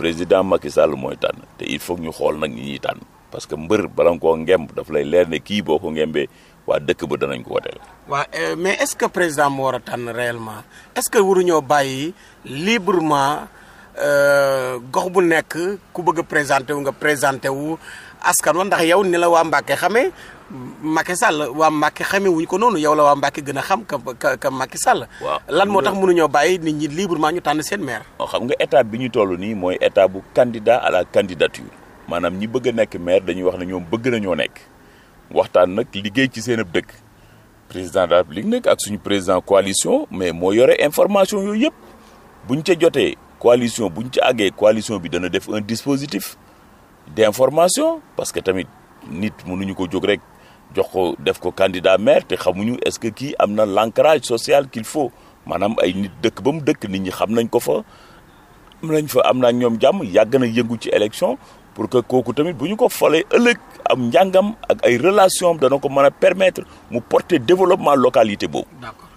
président Macky Sall mooy tànn te il faut ñu xool nag ñi ñuy tànn parce que mbër bala nga koo ngemb daf lay leer ne kii boo ko ngembee waa dëkk ba danañ ko woteel. waaw euh, mais est-ce que président moo war a tànn réellement est-ce que waruñoo bàyyi librement euh, gox bu nekk ku bëgg a wu nga présenté wu askan wa ndax yow ni la waa Mbàkke xamee. Macky Sall waa Macky xame wuñ ko noonu yow la waa Macky gën a xam ka ka ka Macky Sall. waaw lan moo tax mënuñoo bàyyi nit ñi librement ñu tànn seen maire. Oh, xam nga étape bi ñu toll nii mooy étape bu candidat à la candidature maanaam ñi bëgg a nekk maire dañuy wax ne ñoom bëgg nañoo nekk waxtaan nag liggéey ci seen ab dëkk président de la République ak suñu président coalition mais moo yore information yooyu yëpp buñ ca jotee coalition buñ ca àggee coalition bi dana def un dispositif d'information parce que tamit nit mënuñu ko jóg rek. jox ko def ko candidat maire te xamuñu est-ce que kii am na l'ancrage social qu'il faut maanaam ay nit dëkk ba mu dëkk nit ñi xam nañ ko fa am nañ fa am naa ñoom jàmm yàgg na yëngu ci élection pour que kooku tamit bu ñu ko falee ëllëg am njàngam ak ay relation dana ko mën a permettre mu porter développement localité boobu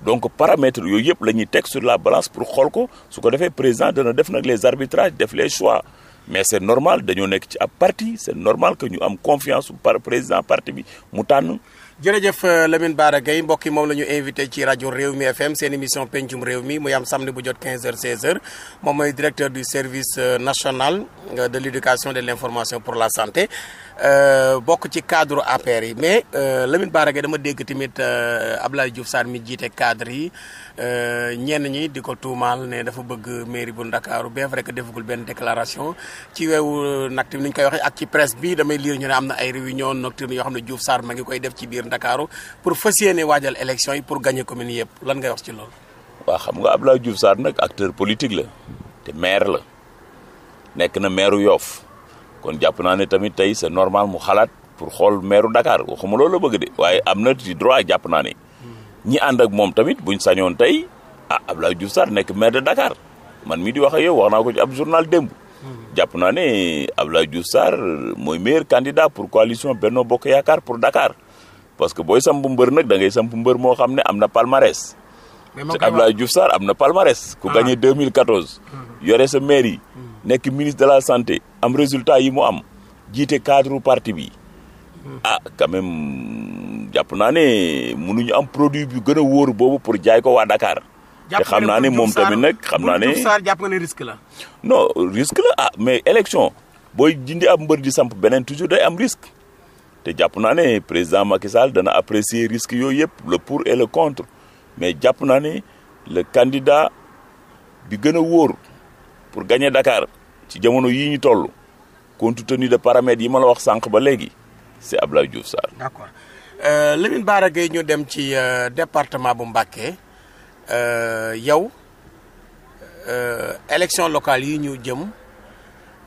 donc paramètres yooyu yëpp la ñuy teg sur la balance pour xool ko su ko defee président dana def nag les arbitrages def les choix mais c' est normal dañoo nekk ci ab parti c' normal que ñu am confiance par président parti bi mu tànn jërëjëf euh, Lamine Bara Gaye mbokk yi moom la ñu invité ci rajo réew mi FM seen émission pencum réew mi muy am samedi bu jot 15h 16 moom mooy directeur du service euh, national euh, de l' de l' information pour la santé bokk ci cadre APR yi mais Lamine Bara Gaye dama dégg tamit Abdoulaye Diouf Sarr mi jiite cadre yi ñenn ñi di ko tuumaal ne dafa bëgg mairie bu Ndakaaru bien vrai que defagul benn déclaration ci weewu nag tamit ni ñu koy waxee ak ci presse bi damay lire ñu ne am na ay réunion nocturne yoo xam ne Diouf Sarr ma ngi koy def ci biir. Ndakaaru pour fas yéene waajal élection yi pour gagner commune yëpp lan ngay wax ci loolu. waa xam nga Abdoulaye Diouf Sarr nag acteur politique la te maire la nekk na maire Yoff kon jàpp naa ne tamit tey c'est normal mu xalaat pour xool maire Dakar waxuma loolu la bëgg de waaye am na droit jàpp naa ne ñi ànd ak moom tamit buñ sañoon tey ah Abdoulaye Diouf Sarr nekk maire de Dakar man mii di wax ak wax na ko ci ab journal démb. jàpp naa ne Abdoulaye Diouf mooy meilleur candidat pour coalition parce que booy samp mbër nag da ngay samp mbër moo xam ne am na palmarès. mais moom Abdoulaye Diouf am na palmarès. ku ah. gagné 2014. Hmm. yore sa mairie. Hmm. nekk ministre de la santé am résultat yi mu am jiite cadre parti bi. Hmm. ah quand même jàpp naa ne mënuñu am produit bi gën a wóor boobu pour jaay ko waa Dakar. te xam naa ne moom tamit nag xam naa ne Diouf jàpp nga ne risque la. non risque ah mais élection booy dindi am mbër di samp beneen toujours day am risque. te jàpp naa ne président Macky Sall dana apprécier risque yooyu yëpp le pour et le contre mais jàpp naa ne le candidat bi gën a wóor pour gagner Dakar ci jamono yii ñu toll compte tenu de paramètres yi ma la wax sànq ba léegi c'est Abdoulaye Diouf Sarr. d'accord euh, Lamine Bara Gaye ñu dem ci euh, département bu Mbacké euh, yow élection locale yi ñu jëm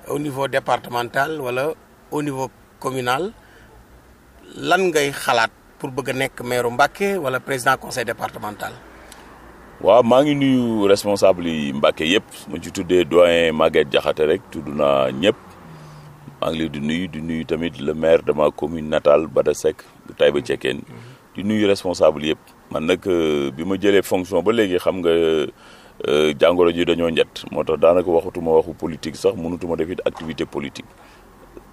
au niveau départemental wala au niveau communal. lan ngay xalaat pour bëgg a nekk maire Mbacké wala président conseil départemental. waaw maa ngi nuyu responsable yi Mbacké yëpp ma ci dee doyen Maguette Diakhaté rek tudd naa ñëpp maa ngi leen di nuyu di nuyu tamit le maire de ma commune natale Bada Seck bu Taïba Cekkeen di nuyu responsable yëpp. man nag euh, bi ma jëlee fonction ba léegi xam nga euh, jàngoro ji dañoo njett moo tax daanaka waxatuma waxu politique sax mënutuma def activité politique.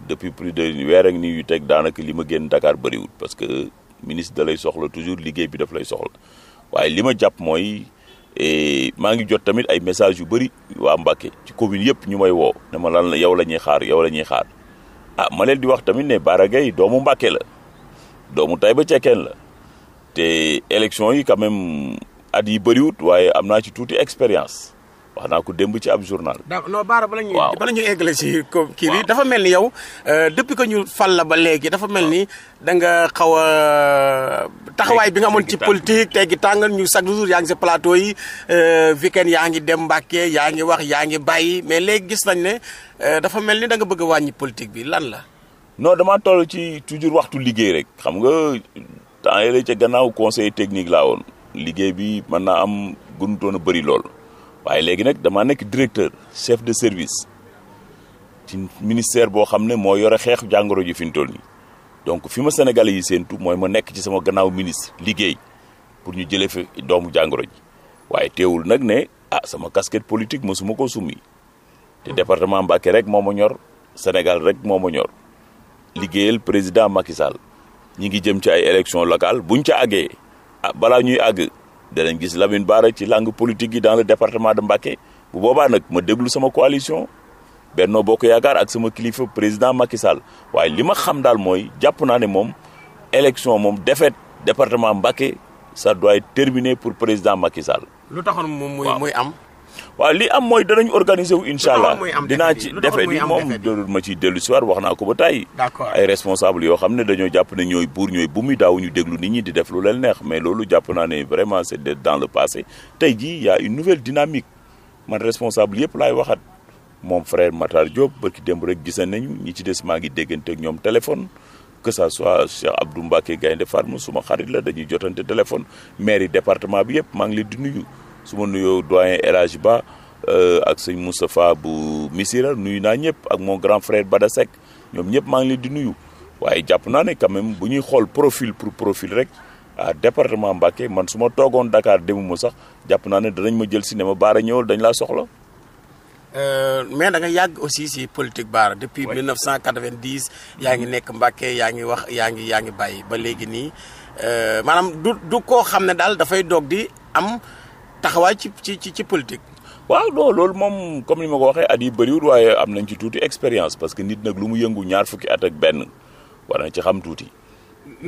depuis plus de weer ak nii yu teg daanaka li ma génn Dakar bëriwul parce que ministre da lay soxla toujours liggéey bi daf lay soxla waaye li ma jàpp mooy eh, maa ngi jot tamit ay messages yu bëri waa Mbacké ci commune yëpp ñu may woo ne ma lan la yow la ñuy xaar yow la ñuy xaar ah ma leen di wax tamit ne Bara Gaye doomu Mbacké la doomu ba Cekkeen la te élection yi quand même at yi bëriwut waaye am naa ci tuuti expérience wax naa ko démb ci ab journal. waaw non Baara bala ñuy. waaw bala ñuy eggale si kii bi dafa mel ni yow euh, depuis que ñu fal la ba léegi dafa mel ni da nga xaw a euh, taxawaay bi nga amoon ci politique teggi tàngal ñu chaque jour yaa ngi si plateau yi euh, weekend yaa ngi dem Mbàkke yaa ngi wax yaa ngi bàyyi mais léegi gis nañ ne dafa mel ni da nga bëgg a wàññi politique bi lan la. non damaa toll ci toujours waxtu liggéey rek xam nga temps yële ca gannaaw conseil technique laa woon liggéey bi mën naa am gunutoon bëri lool. waaye léegi nag damaa nekk directeur chef de service ci ministère boo xam ne moo yore xeex jàngoro ji fi mu toll nii donc fi ma sénégale yi séentu mooy ma nekk ci sama gannaaw ministre liggéey pour ñu jëlee fi doomu jàngoro ji waaye teewul nag ne ah sama casquette politique suma ko summi te département Mbacké rek moo ma ñor Sénégal rek moo ma ñor liggéeyal président Macky Sall ñi ngi jëm ci ay élections bu ñu ci àggee ah, balaa ñuy àgg. danañ gis Lamine Bara ci langue politique yi dans le département de Mbacké bu boobaa nag ma déglu sama coalition Benno Bokk Yaakaar ak sama kilifa président Macky Sall waaye li ma xam daal mooy jàpp naa ne moom élection moom défaite département Mbacké sa doy être terminé pour président Macky lu tax moom muy am. waaw li am mooy danañ organiser wu incha allah dinaa ci defet bi moom doonul ma ci dellu si wax na ko ba tàyyi ay responsable yoo xam ne dañoo jàpp ne ñooy buur ñooy bu muy daaw ñu déglu ni ñi di def lu leen neex mais loolu jàpp naa ne vraiment c'est dans le passé tey jii yaa a une nouvelle dynamique man responsable yëpp laay waxat moom frère Matar Diop barki démb rek gis nañu ñi ci des maa ngi déggante ak ñoom téléphone que ça soit Cheikh Abdou Mbacké Gaynde Fatma suma xarit la dañuy jotante téléphone mairie département bi yëpp maa ngi leen di nuyu su ma nuyoo doyen El Hadj Ba euh, ak sëñ Moustapha bu Missira nuyu naa ñëpp ak mon grand frère Bada Seck ñoom ñëpp maa ngi leen di nuyu waaye jàpp naa ne quand même bu ñuy xool profil pur profil rek ah département Mbacké man su ma toogoon Dakar ma sax jàpp naa ne danañ ma jël si ne Baara ñëwal dañ laa soxla. Euh, mais da nga yàgg aussi si politique Baara depuis 1990 yaa ngi nekk Mbacké yaa ngi wax yaa ngi yaa ngi bàyyi ba léegi nii euh, maanaam du du koo xam ne daal dafay doog di am. taxawaay ci ci ci ci politique. waaw non loolu moom comme ni ma ko waxee at yi bëriwul waaye am nañ ci tuuti expérience parce que nit nag lu mu yëngu ñaar fukki at benn wala na ci xam tuuti.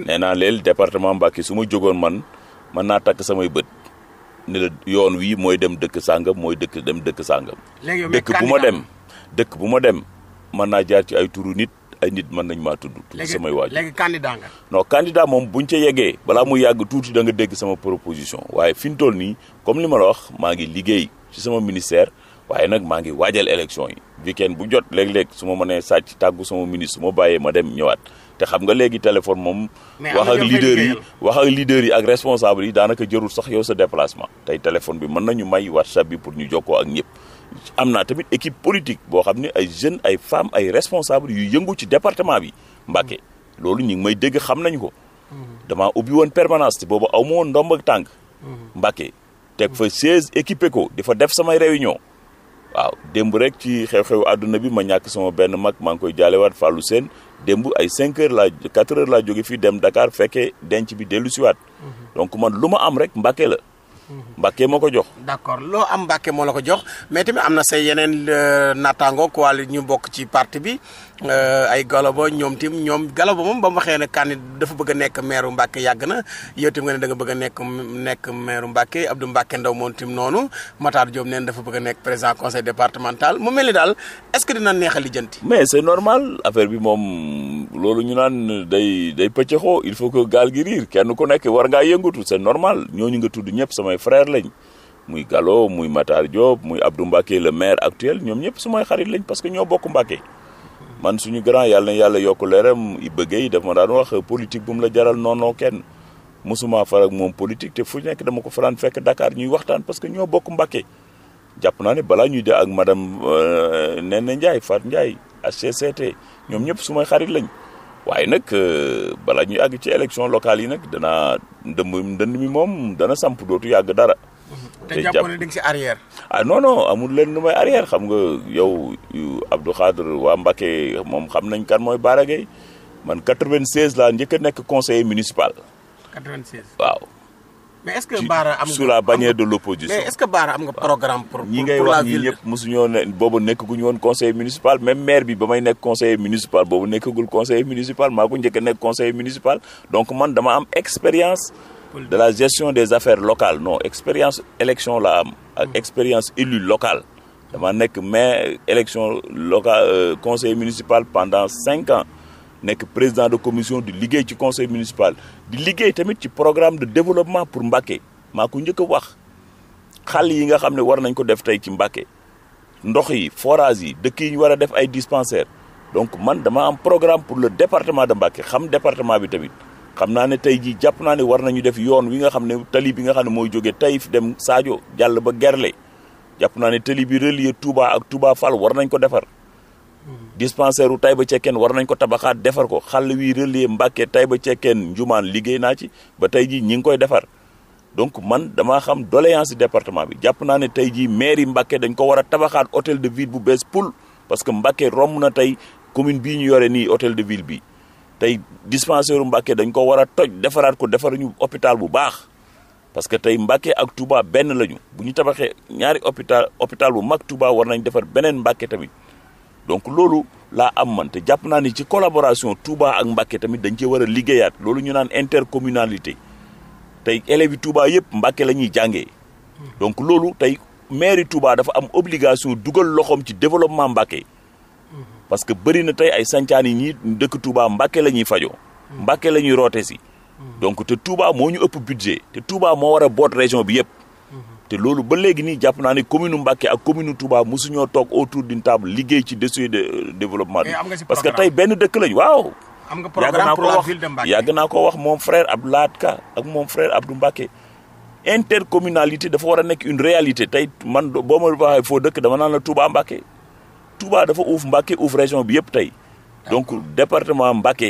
nee naa leel département Mbacké suma ma jógoon man mën naa takk samay bët. ne la yoon wii mooy dem dëkk sàngam mooy dëkk dem dëkk sàngam. dëkk bu ma dem dëkk bu ma dem mën naa jaar ci ay turu nit. ay nit mën nañ maa tudd. tudd samay waajur léegi candidat nga. non candidat moom buñ ca yeggee balaa mu yàgg tuuti da nga dégg sama proposition waaye fi ñu toll nii comme li ma la wax maa ngi liggéey ci sama ministère waaye nag maa ngi waajal élection yi. weekend bu jot léeg-léeg su ma mënee sàcc tàggu sama ministre su ma bàyyee ma dem ñëwaat te xam nga léegi téléphone moom. wax ak leader yi wax ak leader yi ak responsable yi daanaka jërul sax yow sa déplacement. tey téléphone bi mën nañu may whatsapp bi pour ñu jokkoo ak ñëpp. am naa tamit équipe politique boo xam ne ay jeunes ay femmes ay responsables yu yëngu ci département bi Mbacké loolu ñu ngi may dégg xam nañu ko mhm. damaa ubbi woon permanence te boobu aw ma woon ndomb ak tànk mhm. Mbacké teg fa 16 équipe ko di fa def samay réunion waaw demb rek ci xew-xew àdduna bi ma ñàkk sama benn mag maa ngi koy waat Fallou Sène démb ay 5 heures laa 4 heures laa jóge fii dem Dakar fekkee denc bi dellu siwaat mhm. donc man lu ma am rek Mbacké la Mbàkke moo ko jox. d'accord loo am Mbàkke moo la ko jox mais tamit am na say yeneen euh, naataango quoi ñu bokk ci parti bi. Euh, ay galabo ñoom tim ñoom galabo moom ba mu waxee ne Kandé dafa bëgg nekk maire mbake yàgg na yow tim nga ne danga nga bëgg a nekk nekk maire Mbacke Abdou mbake Ndaw moom tim noonu Matar Diop neen dafa bëgg nekk président conseil départemental mu mel ni daal est-ce que dina neex a lijjanti. mais c'est normal affaire bi moom loolu ñu naan day day pëccëxoo il faut que gaal gi riir kenn ku nekk war ngaa yëngatu c'est normal ñooñu nga tudd ñëpp samay frère lañ. muy Gallo muy Matar Diop muy Abdou Mbacke le maire actuel ñoom ñëpp sumay xarit lañ parce que ñoo bokk Mbacke man suñu grand yàlla na yàlla yokk leeram i bëggee daf ma daan wax politique bu la jaral noonoo kenn mosuma far ak moom politique te fu nekk dama ko faraan fekk Dakar ñuy waxtaan parce que ñoo bokk Mbacké jàpp naa ne balaa ñuy de ak madame euh, Nene Ndiaye Fat Ndiaye HCCT ñoom ñëpp su may xarit lañ waaye nag euh, balaa ñuy àgg ci élection locale yi nag danaa ndëmb ndënd mi moom dana samp dootu yàgg dara te jàpp ne di nga si arrière. ah non non amul leen lu may arrière xam nga yow Abdou Khadre waa Mbacké moom xam nañ kan mooy Bara Gaye man 96 laa la a nekk conseil municipal. 96 waaw. mais est am nga sous la bannière de l'opposition. mais est-ce que Bara am nga programme pour pour ñi ngay wax ñii ñëpp mosuñoo ne boobu nekkaguñu woon conseil municipal même maire bi ba may nekk conseiller municipal boobu nekkagul conseiller municipal maa ko njëkk a nekk conseiller municipal donc man dama am expérience. de la gestion des affaires locales non expérience élection la am ak mm. expérience élu locale dama nekk maire élection locale euh, conseil municipal pendant cinq ans nekk président de commission di liggéey ci conseil municipal di liggéey tamit ci programme de développement pour Mbacké maa ko njëkk a wax xal yi nga xam ne war nañ ko def tey ci Mbacké ndox yi forage yi dëkk yi ñu war a def ay dispensaires donc man dama am programme pour le département de Mbacké xam département bi tamit xam naa ne tey jii jàpp naa ne war nañu def yoon wi nga xam ne tali bi nga xam ne mooy jóge Taïf dem Sadio jàll ba Gerle jàpp naa ne tali bi relier Touba ak Touba Fall war nañ ko defar. dispensaire u Taïba Cekkeen war nañ ko tabaxaat defar ko xàll wi relier Mbàkke Taïba Cekkeen Njumaan liggéey naa ci ba tey jii ñi ngi koy defar. donc man damaa xam doléance département bi jàpp naa ne tey jii mairie Mbàkke dañ ko war a tabaxaat hôtel de ville bu bees poul parce que Mbàkke romb na tey commune bii ñu yore nii hôtel de ville bi tey dispensaire u dañ ko war a toj defaraat ko ñu hôpital bu baax parce que tey Mbàkke ak Touba benn lañu bu ñu tabaxee ñaari hôpital hôpital bu mag Touba war nañ defar beneen mbakke tamit donc loolu laa am man te jàpp naa ni ci collaboration Touba ak Mbàkke tamit dañ cee war a liggéeyaat loolu ñu naan intercommunalité tey élèves yi Touba yëpp Mbàkke la ñuy jàngee donc loolu tey mairie Touba dafa am obligation dugal loxoom ci développement Mbàkke parce que bëri na tey ay sancaan yi ñii dëkk Touba mbake la ñuy fajoo. Mbàkke la ñuy roote si. donc te Touba moo ñu ëpp budget te Touba moo war a boot région bi yëpp. te loolu ba léegi nii jàpp naa ne commune Mbàkke ak commune Touba mosuñoo toog autour d'une table liggéey ci dossier de euh, développement bi. parce que tey benn dëkk lañu waaw. am nga programme pour la ville de naa ko wax moom frère ab laat Ka ak moom frère Abdou inter intercommunalité dafa war a nekk une réalité tey man boo ma waxee foo dëkk dama naan la Touba Mbàkke Touba dafa uuf Mbacké uuf région bi yëpp tey donc département Mbacké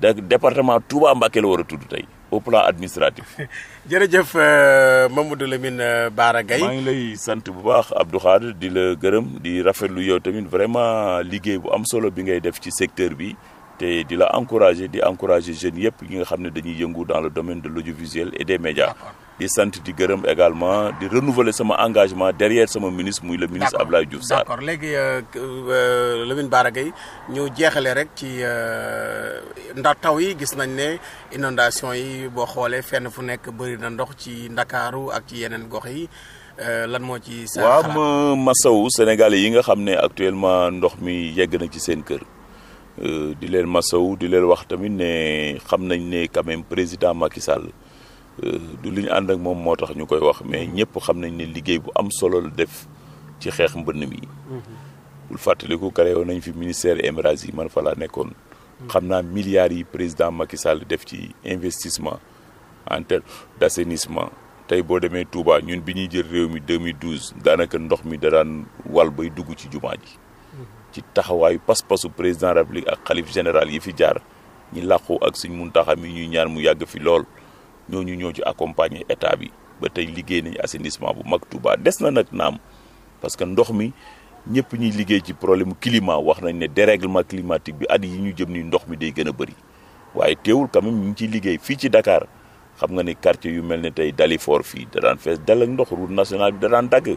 da département Touba Mbacké la war a tudd tey au plan administratif. jërëjëf euh, Mamadou Lamine euh, Bara Gaye maa ngi lay sant bu baax Abdou Khadre di la gërëm di rafetlu yow tamit vraiment liggéey bu am solo bi ngay def ci secteur bi. te di la encourager di encourager jeunes yëpp yi nga xam ne dañuy yëngu dans le domaine de l'audiovisuel et des médias di sant di gërëm également di renouveler sama engagement derrière sama ministre muy le ministre Abdoulaye Diouf Sarr d'accord léegi euh, euh, Lamine Bara Gaye ñu jeexale rek ci euh, ndax taw yi gis nañ ne inondation yi boo xoolee fenn fu nekk bëri na ndox ci Ndakaaru ak ci yeneen gox yi lan moo ci sa xalaat waaw ma yi nga xam ne actuellement ndox mi yegg na ci seen kër Euh, di leen masow di leen wax tamit ne xam nañ ne quand président Macky Sall euh, du lu ñu ànd ak moom moo tax ñu koy wax mais ñëpp xam nañ ne liggéey bu am solo la def ci xeex mbënn mi. Mhm. bul fàttaliku créé woon nañ fi ministère émerage yi man fa laa nekkoon. Mhm. xam naa milliards yi président Macky Sall def ci investissement en terme d' assainissement tey boo demee Touba ñun bi ñuy jël réew mi 2012 daanaka ndox mi da daan wal bay dugg ci jumaa ji. ci taxawaayu pas-pasu président république ak xalif général yi fi jaar ñi làqoo ak mun muntaxam yi ñuy ñaan mu yàgg fi lool ñooñu ñoo ci accompagner état bi ba tey liggéey nañu assainissement bu mag Touba des na nag naam parce que ndox mi ñëpp ñuy liggéey ci problème climat wax nañ ne dérèglement climatique bi at yi ñu jëm ni ndox mi day gën a bëri waaye teewul quand même ñu ciy liggéey fii ci dakaar xam nga ne quartier yu mel ne tey Dalifort fii da daan fees dal ak ndox route bi da daan dagg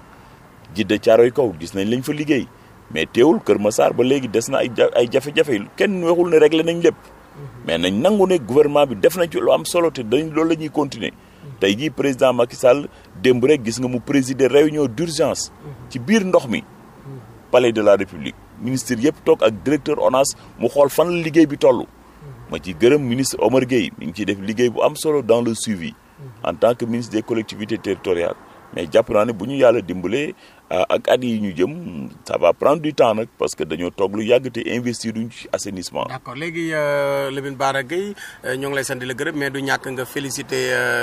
jidda caaroy kaw gis nañ lañ fa liggéey mais teewul Kër Massar ba léegi des na ay ay jafe-jafe yi kenn waxul ne réglé nañ lépp mhm. mais nañ nangu ne gouvernement bi def nañ ci lu am solo te dañ loolu la ñuy continuer mhm. tey jii président Macky Sall démb gis nga mu présider réunion d'urgence mhm. ci biir ndox mi palais de la République ministre yëpp toog ak directeur ONAS mu xool fan la liggéey bi toll ma ci gërëm ministre Omar Gueye mi ngi ciy def liggéey bu am solo dans le suivi en tant que ministre des collectivités territoriales mais jàpp naa ne bu ñu yàlla dimbalee Euh, ak at yi ñu jëm ça va prendre du temps nag parce que dañoo toog lu yàgg te investir duñ ci assainissement. d' léegi euh, Lamine Bara Gaye euh, ñu ngi lay sant di la gërëm mais du ñàkk nga félicité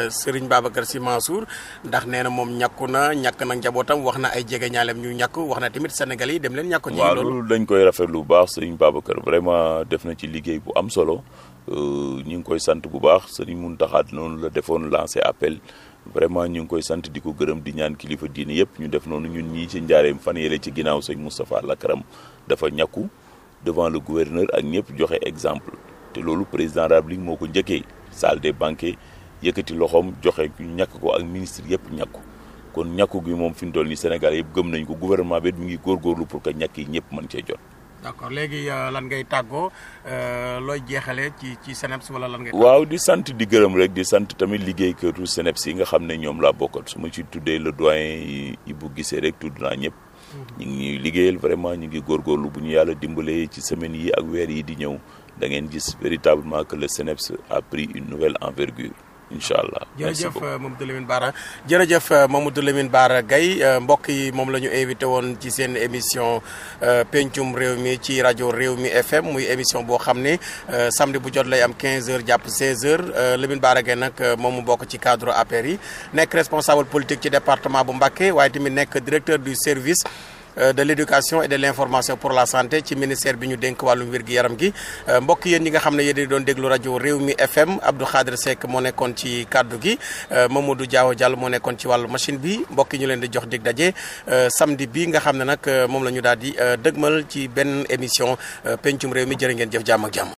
Serigne Babacar Sy Mansour ndax nee na moom ñàkku na ñàkk na njabootam wax na ay jege ñaaleem ñu ñàkk wax na tamit Sénégal yi dem leen ñàkk. waaw loolu dañ koy rafetlu bu baax Serigne Babacar vraiment def na ci liggéey bu am solo ñu ngi koy sant bu baax Serigne Mountakha noonu la defoon lancé appel. vraiment ñu ngi koy sant di ko gërëm di ñaan kilifa diine yëpp ñu def noonu ñun ñii ci njaareem fan yële ci ginnaaw sëñ Moustapha Lakaram dafa ñàkku devant le gouverneur ak ñëpp joxe exemple te loolu président Rabli moo ko njëkkee salle de banquets yëkkati loxoom joxe ñàkk ko ak ministre yëpp ñàkku kon ñàkku gi moom fi mu toll nii Sénégal yëpp gëm nañ ko gouvernement bi mi ngi góorgóorlu pour que ñàkk yi ñëpp mën cee jot. d' léegi euh, lan ngay tàggoo euh, looy jeexalee ci ci SNEIPS wala lan ngay. waaw di sant di gërëm rek di sant tamit liggéey liggéeykatu SNEIPS yi nga xam ne ñoom laa bokkat su ma ci tuddee le doyen yi bu gisee rek tudd naa ñëpp. Mhm. ñu ngi liggéeyal vraiment ñu ngi góor góorlu bu ñu yàlla dimbalee ci semaine yi ak weer yi di ñëw da ngeen gis véritablement que le SNEIPS a pris une nouvelle envergure. incha allah jërëjëf euh, moom Lamine Bara jërëjëf euh, Mamadou Lamine Bara Gaye euh, mbokk yi moom la ñu invité woon ci seen émission pencum réew mi ci rajo réew mi FM muy émission boo xam ne samedi bu jot lay am 15 heures jàpp 16 heures Lamine Bara Gaye nag moom mu bokk ci cadre APR yi nekk responsable politique ci département bu Mbacké waaye tamit nekk directeur du service. Euh, de l'éducation et de l'information pour la santé ci ministère bi ñu dénk wàllum wér gi yaram euh, gi mbokk yéen ñi nga xam ne yéen doon déglu rajo réew mi FM Abdou Khadre Seck moo nekkoon ci kaddu gi euh, Mamadou Diaw jàll moo nekkoon ci wàllu machine bi mbokk yi ñu leen di jox dig daje samedi bi nga xam ne nag moom la ñu daal di dëgmal ci benn émission pencum réew mi jërë ngeen jëf jàmm ak jàmm.